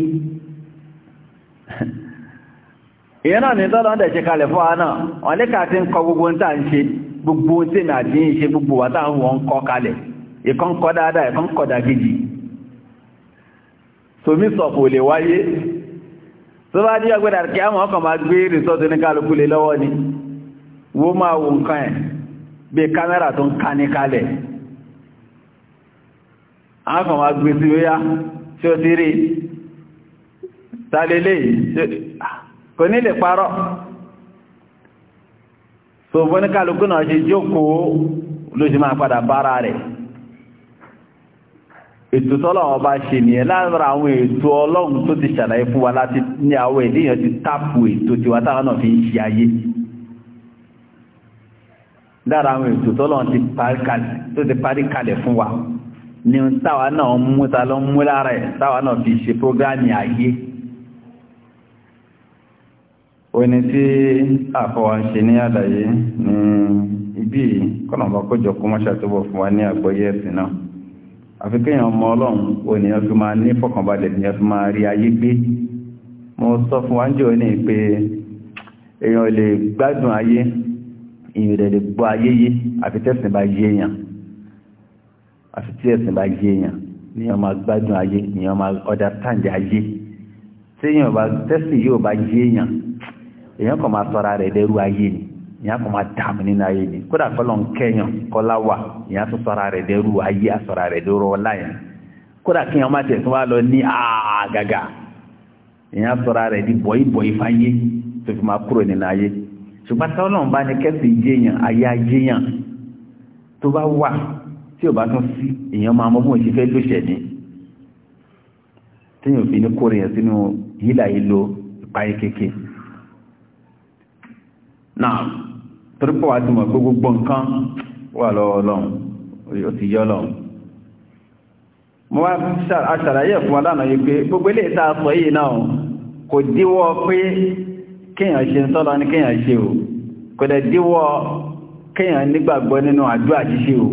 ìyẹn náà ní tọ́lọ́ ọ̀dẹ̀ ṣe kalẹ̀ fún wa náà wọ́n ní káàtí ń kọ gbogbo ń tàà ń ṣe gbogbo tí èmì àti ń ṣe gbogbo wà táà wọ́n kọ kalẹ̀ ìkan kọ dáadáa ìkan kọ dàgíjì tòmísọ̀pù lè wáyé tó bá jí ọgbẹ́dà kí á mọ́ ọkàn máa gbé rìsọ́tù ní kálukú lè lọ́wọ́ ni wó máa wo nǹkan ẹ̀ bí kámẹ́rà tó ń ká ní kalẹ̀ àwọn máa gbé sí wíyá tí ó ti rí tàlélé kò ní lè parọ́ so fún ní kálukú náà ṣe jókòó ló máa padà bára rẹ̀ ètò tọ́lọ̀ wọn bá ṣe nìyẹn lára àwọn ètò ọlọ́run tó ti ṣàlàyé fún wa láti ní àwọn ènìyàn ti tápù ètò tiwa táwọn náà fi ń ṣe ayé lára àwọn ètò tọ́lọ́run tó ti parí kalẹ̀ fún wa ni táwa náà mú ta ló mú lára ẹ̀ táwa náà fi ṣe prógámì ayé oní tí àfọwọ́n ṣe ní àlàyé ní ibi kọ́nà bá kójọ kó mọ́ṣà tó bọ̀ fún wa ní àgbọ́yé ẹ̀sìn náà àfi kéèyàn mọ ọlọ́run ò ní ọdún máa ní fọkànbalẹ̀ ní ọdún máa rí ayé gbé mo sọ fún wa ń jò ní pé èèyàn lè gbádùn ayé ìrẹ̀ lè gbọ́ ayé yé àfi tẹ́sìn bá yé èèyàn àfi tí ẹ̀sìn bá yé èèyàn ní ọmọ gbádùn ayé ní ọmọ ọdá tàǹdì ayé tí èèyàn bá tẹ́sìn yóò bá yé èèyàn èèyàn kàn máa sọra rẹ̀ lẹ́rú ayé ni èèyàn kàn máa dààmú nínú ayé ni kódà kọlọ̀ ń kẹyàn kọlá wà ìyá tó sọ́ra rẹ̀ dẹ́rù ayé àsọ̀ra rẹ̀ dẹ́rù ọlá yẹn kódà kíyàn má wá lọ ní àgàgà ìyá sọ́ra rẹ̀ di bọ̀ìbọ̀ì fáyé tó fi máa kúrò nínú ayé ṣùgbọ́n tí bá ní kẹ́sì ayé tó bá wà tí ò bá tún sí máa mọ torí pọ̀ àti mọ̀ pé gbogbo nǹkan wà lọ́wọ́ ọlọ́run ó ti yọ ọlọ́run mo wá aṣàlàyé fún ọlọ́nà yìí pé gbogbo ilé ìta sọ yìí náà kò díwọ́ pé kéèyàn ṣe ń sọ́lọ ní kéèyàn ṣe o kò dẹ̀ díwọ́ kéèyàn nígbàgbọ́ nínú àdúrà ṣíṣe o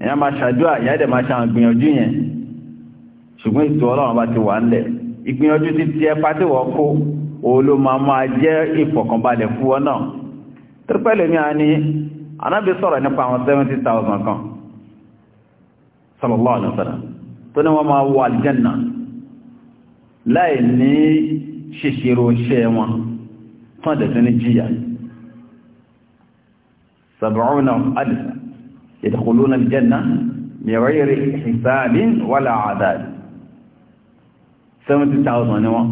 èèyàn máa ṣàdúrà ìyá dẹ̀ máa ṣàwọn gbìyànjú yẹn ṣùgbọ́n ètò ọlọ́run bá ti wà ńlẹ̀ ìgbìyànjú ti tiẹ̀ pátẹ́wọ́ kó òun ló máa máa jẹ́ ìfọ̀kànbalẹ̀ fún ọ náà tírpẹ́lẹ̀ ní àní anábì sọ̀rọ̀ nípa àwọn 70,000 kan sallallahu alaihi wasallam tó ní wọ́n máa wọ aljanna láì ní ṣìṣirò ṣẹ́ wọn tán dẹ̀ tún ní jíyà sab'una alif yadkhuluna aljanna bi ghayri hisabin wala adab 70,000 ni wọ́n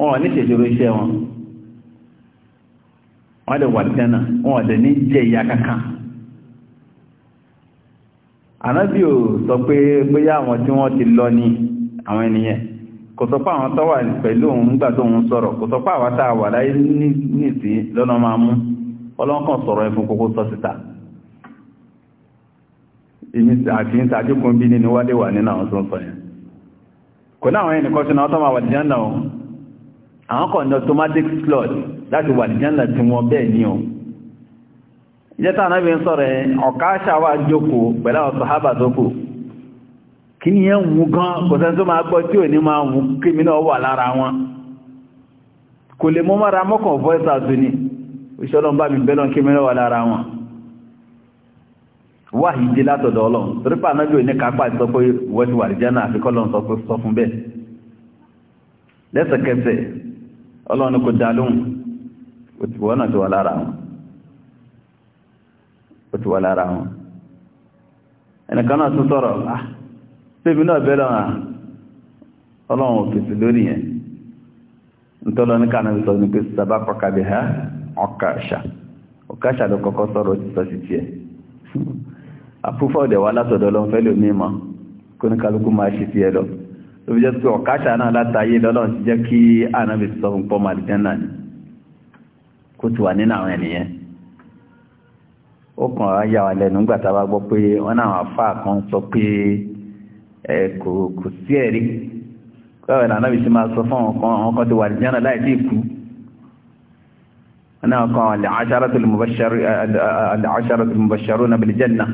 wọ́n ní ṣìṣirò ṣẹ́ wọn wọ́n lè wà tẹ́nà wọ́n lè ní jẹ ìyà kankan ò sọ pé bóyá àwọn tí wọ́n ti lọ ní àwọn ènìyàn kò àwọn tó wà pẹ̀lú òun nígbà tó ń sọ̀rọ̀ kò àwọn tá a wà láyé nìsí lọ́nà máa mú ọlọ́kàn sọ̀rọ̀ kókó sọ síta àti ń bí nínú tó ń sọ yẹn kò láti wà ní jẹ́nà tí wọ́n bẹ́ẹ̀ ní ọ ìjẹta anábi ń sọ̀rọ̀ ọ̀ká ṣàwà jókòó pẹ̀lá sàhábà tó kù kí ni yẹn wù gan kò sẹ́ni tó máa gbọ́ tí ò ní máa wù kí mi náà wà lára wọn kò lè mọ́ mara mọ́kàn voice ni ìṣọ́lọ́n bá mi bẹ́lọ́n kí mi náà wà lára wọn wà ìdí ọlọ́run kò dá lóhùn otu náà a wà lára wọn ó wà lára wọn ẹnìkan náà tún sọ̀rọ̀ ah tèmi náà bẹ́ẹ̀ lọ́wọ́ ah, ọlọ́run òfèsì lórí yẹn ntọ́lọ ní kànáà sọ ní pé sábà kọ́ka bí ha ọkàṣà ọkàṣà ló kọ́kọ́ ti sọ sí tiẹ̀ ọ̀dẹ̀ látọ̀dọ̀ lọ́n fẹ́ lómi mọ́ kó ní kálukú máa ṣe tiẹ̀ lọ fi jẹ́ pé ọkàṣà náà látàyè lọ́lọ́run ti jẹ́ kí ànábì sọ fún pọ́ náà ni kó ti wà nínú àwọn ènìyàn ó kàn á yà wá lẹ́nu nígbà tá a bá gbọ́ pé wọ́n náà àfáà kan sọ pé ẹ kò kò sí ẹ̀rí kọ́wẹ̀ náà náà sì máa sọ fún àwọn kan tó wà ní jẹ́nà láì sí ìkú wọ́n náà kan al-asharatul mubashsharuna bil janna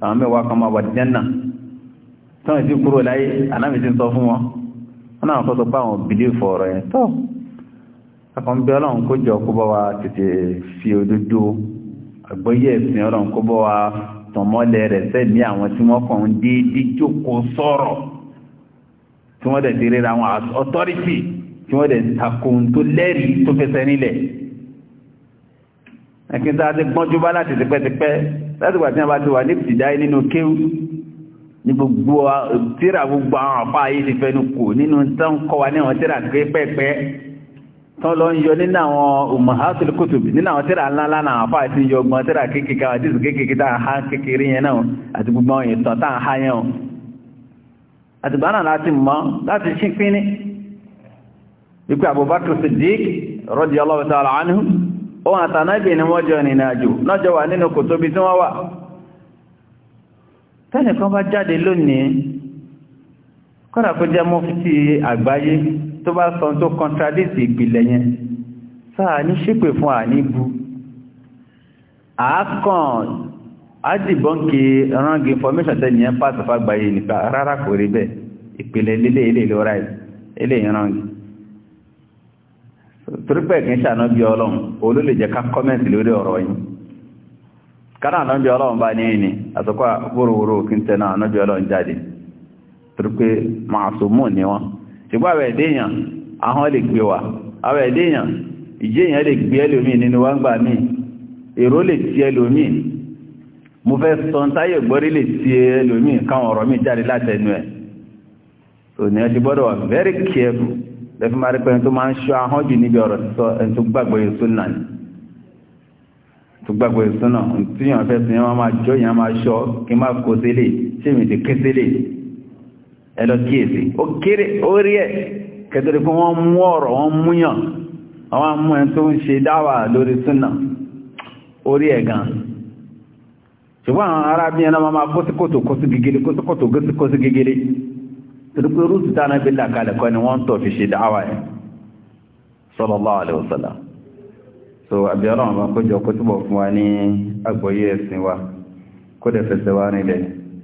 àwọn mẹ́wàá kan máa wà ní jẹ́nà tọ́wọ́n sí kúrò láyé ànábìsí sọ fún wọn wọ́n náà kọ́ sọ pé àwọn bìlífọ̀ ọ̀rọ̀ yẹn tọ́ akọ̀n bí ọlọ́run kó jọ kó bá wa tètè fi òdodo àgbọ́yé ẹ̀sìn ọlọ́run kó bá wa tọ̀mọ́lẹ̀ rẹ̀ sẹ́mi àwọn tí wọ́n kàn ń déédé jókòó sọ̀rọ̀ tí wọ́n dẹ̀ ti ríra àwọn ọ̀tọ́rìtì tí wọ́n dẹ̀ takohun tó lẹ́rìí tó fẹsẹ̀ nílẹ̀ ẹ̀kí tá a ti gbọ́njú bá láti tipẹ́tipẹ́ láti wà tí wọ́n bá ti wà ní ìdáyé nínú kéwú ní gbogbo tíra gbogbo àwọn àpá ayé ti fẹnu kò nínú tán kọ́ wa ní àwọn tíra pẹ́pẹ́pẹ́ tán lọ ń yọ nínú àwọn umahatul kutub nínú àwọn tíra ńláńlá náà àfáà ti yọ ọgbọ́n tíra kéèkéé àwọn tíṣù kéèkéé tá ha kékeré yẹn náà àti gbogbo àwọn ìtàn ha yẹn o àtìgbà náà láti mọ́ láti ṣí pínní ikú Abubakar Siddiq radiyallahu ta'ala tó bá sọ tó kọntradétì ìpìlẹ̀ yẹn sáà ní ṣépè fún àní a àákàn ádìbọ́nkì wrong information tẹ́lẹ̀ yẹn pàṣẹ fàgbáyé nípa rárá kò rí bẹ́ẹ̀ ìpìlẹ̀ lílé ilé ìlú ilé ìran torípẹ̀ kìí ṣàná bí ọlọ́run olú jẹ́ ká kọ́mẹ́ntì lórí ọ̀rọ̀ yìí kára àná ọlọ́run bá ní ẹni àtọ́kọ́ wórówóró kí n tẹ́ náà ṣùgbọ́n àwẹ̀ ẹ̀dẹ́yàn ahọ́n lè gbé wa àwẹ̀ ẹ̀dẹ́yàn ìjẹ́yàn lè gbé ẹlòmí nínú wá ń gbà mí èrò lè ti ẹlòmí mo fẹ́ sọ táyé gbọ́rí lè ti ẹlòmí káwọn ọ̀rọ̀ mi jáde látẹnu ẹ̀ òní ẹ ti gbọ́dọ̀ wà very careful lẹ́fí máa rí pẹ́ni tó máa ń ṣọ́ ahọ́n jù níbi ọ̀rọ̀ sísọ ẹni tó gbàgbọ́ yìí súnà ni tó gbàgbọ́ yìí súnà tí yàn fẹ́ sí yàn máa jọ yàn máa ṣọ́ kí n ẹlọ kíyèsí ó kéré ó rí ẹ̀ kẹtẹ̀rẹ̀ fún wọ́n mú ọ̀rọ̀ wọ́n múyàn àwọn mú ẹ tó ń ṣe dáwà lórí súnà orí ẹ̀ gan ṣùgbọ́n àwọn ará bí ẹ̀nà máa kó sí kòtò kó sí gègèrè kó sí kòtò kó sí gègèrè torí pé rúùtù tánà bí làkàlẹ̀ kọ́ ni wọ́n tọ̀ fi ṣe dáwà ẹ̀ sallallahu alaihi wasallam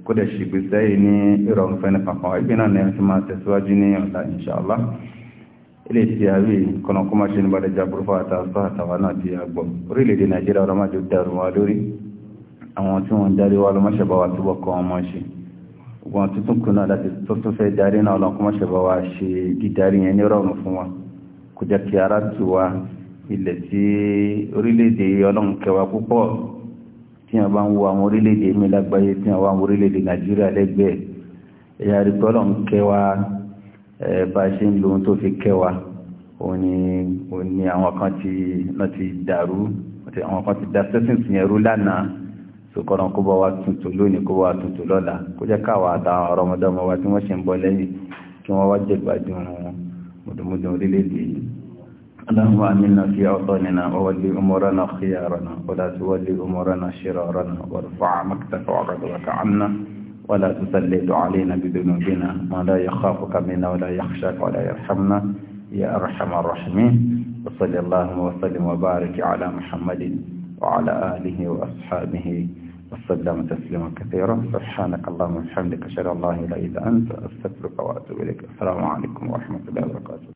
kó dẹ̀ ṣe ìgbésẹ̀ yìí ní ìrọ̀rùn fẹ́ni pàpà ìgbé náà ni a ti máa tẹ̀síwájú ní ọ̀la inshallah ilé tí a rí kọ́nà kó má ṣe ní bàdàjà burúkú àtàwọn àtàwọn náà ti àgbọ̀ orílẹ̀-èdè nàìjíríà ọ̀rọ̀ máa jò dàrú wa lórí àwọn tí wọ́n darí wa lọ́mọ́ṣẹ́ bá wa túbọ̀ kọ́ ọmọ ṣe wọn tuntun kùnà láti tuntun fẹ́ darí náà lọ́n kọ́mọ́ṣẹ́ bá wa ṣe dídarí yẹn ní rọ̀rùn fún wa kò jẹ́ kí ara tù wa ilẹ̀ tí orílẹ̀-èdè ọlọ́run kẹwàá púpọ̀ tí wọn bá ń wo àwọn orílẹ̀-èdè mi lágbàáyé tí wọn bá ń orílẹ̀-èdè nàìjíríà lẹ́gbẹ̀ẹ́ ẹ̀yà àrígbọ́lọ̀ ń kẹwa bá a ṣe ń lo ohun tó fi kẹwa òun ni àwọn kan ti náà ti dàrú àwọn kan ti da sẹ́sìn sí ẹrú lánàá sòkòrò kó bá wa tuntun lónìí kó bá wa tuntun lọ́la kó jẹ́ káwa àtàwọn ọ̀rọ̀ ọmọdé ọmọ wa tí wọ́n ṣe ń bọ̀ lẹ́yìn kí wọ́n wá jẹ́ gbádùn orílẹ̀-èdè yìí. اللهم آمنا في أوطاننا وولي أمورنا خيارنا ولا تولي أمورنا شرارنا وارفع مكتف عقدك عنا ولا تسلط علينا بذنوبنا ما لا يخافك منا ولا يخشاك ولا يرحمنا يا أرحم الراحمين وصل اللهم وسلم وبارك على محمد وعلى آله وأصحابه وسلم تسليما كثيرا سبحانك اللهم وبحمدك أشهد أن لا إله إلا أنت أستغفرك وأتوب إليك السلام عليكم ورحمة الله وبركاته